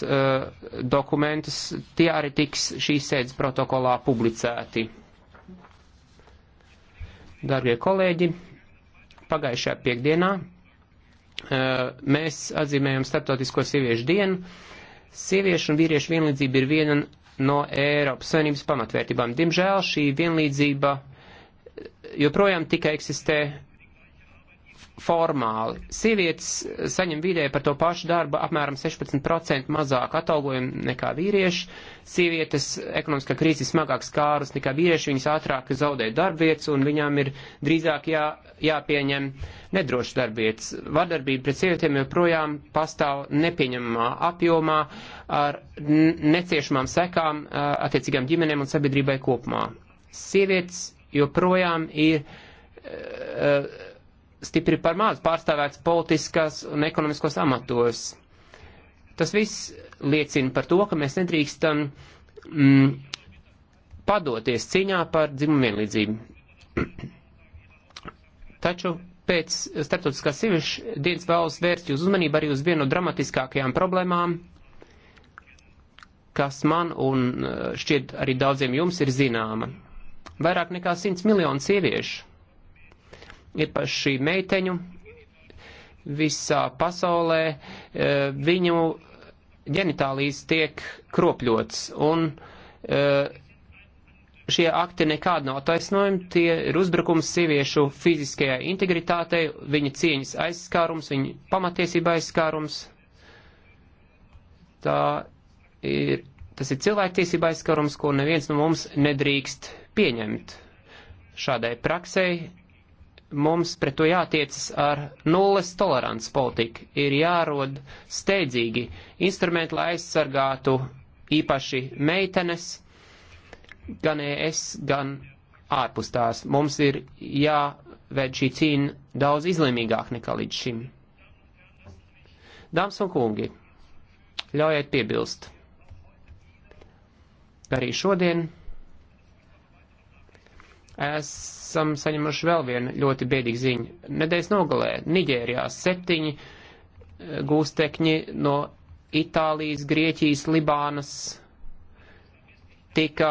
valsts uh, dokumentus, tie arī tiks šīs sēdes protokolā publicēti. Darbie kolēģi, pagājušajā piekdienā uh, mēs atzīmējam Startautisko sieviešu dienu. Sieviešu un vīriešu vienlīdzība ir viena no Eiropas Savienības pamatvērtībām. Diemžēl šī vienlīdzība uh, joprojām tikai eksistē formāli. Sievietes saņem vidēji par to pašu darbu apmēram 16% mazāk atalgojumu nekā vīrieši. Sievietes ekonomiskā krīze smagāk skārus nekā vīrieši, viņas ātrāk zaudē darbvietas un viņām ir drīzāk jā, jāpieņem nedrošas darbvietas. Vardarbība pret sievietēm joprojām pastāv nepieņemamā apjomā ar neciešamām sekām attiecīgām ģimenēm un sabiedrībai kopumā. Sievietes joprojām ir uh, stipri par maz pārstāvēts politiskās un ekonomiskos amatos. Tas viss liecina par to, ka mēs nedrīkstam mm, padoties cīņā par dzimumu vienlīdzību. Taču pēc starptautiskās sieviešu dienas vēlas vērst jūs uzmanību arī uz vienu no dramatiskākajām problēmām, kas man un eh, šķiet arī daudziem jums ir zināma. Vairāk nekā 100 miljonu sieviešu īpaši meiteņu visā pasaulē, e, viņu ģenitālijas tiek kropļots, un e, šie akti nekādi nav taisnojumi, tie ir uzbrukums sieviešu fiziskajai integritātei, viņa cieņas aizskārums, viņa pamatiesība aizskārums. Tā ir, tas ir cilvēktiesība aizskārums, ko neviens no mums nedrīkst pieņemt. Šādai praksei mums pret to jātiecas ar nulles tolerants politiku. Ir jārod steidzīgi instrumenti, lai aizsargātu īpaši meitenes, gan es, gan ārpus tās. Mums ir jāved šī cīņa daudz izlēmīgāk nekā līdz šim. Dāmas un kungi, ļaujiet piebilst. Arī šodien esam saņemuši vēl vienu ļoti bēdīgu ziņu. Nedēļas nogalē Nigērijā septiņi eh, gūstekņi no Itālijas, Grieķijas, Libānas tika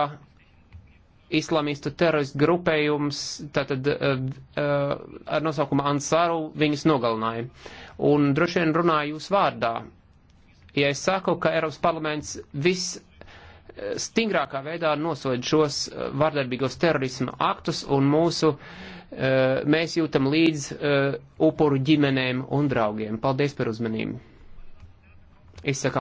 islamistu teroristu grupējums, tātad uh, uh, ar nosaukumu Ansaru, viņus nogalināja. Un droši vien runāju jūs vārdā. Ja es saku, ka Eiropas parlaments viss stingrākā veidā nosoda šos eh, vardarbīgos terorismu aktus un mūsu, eh, mēs jūtam līdz eh, upuru ģimenēm un draugiem. Paldies par uzmanību. Izsaka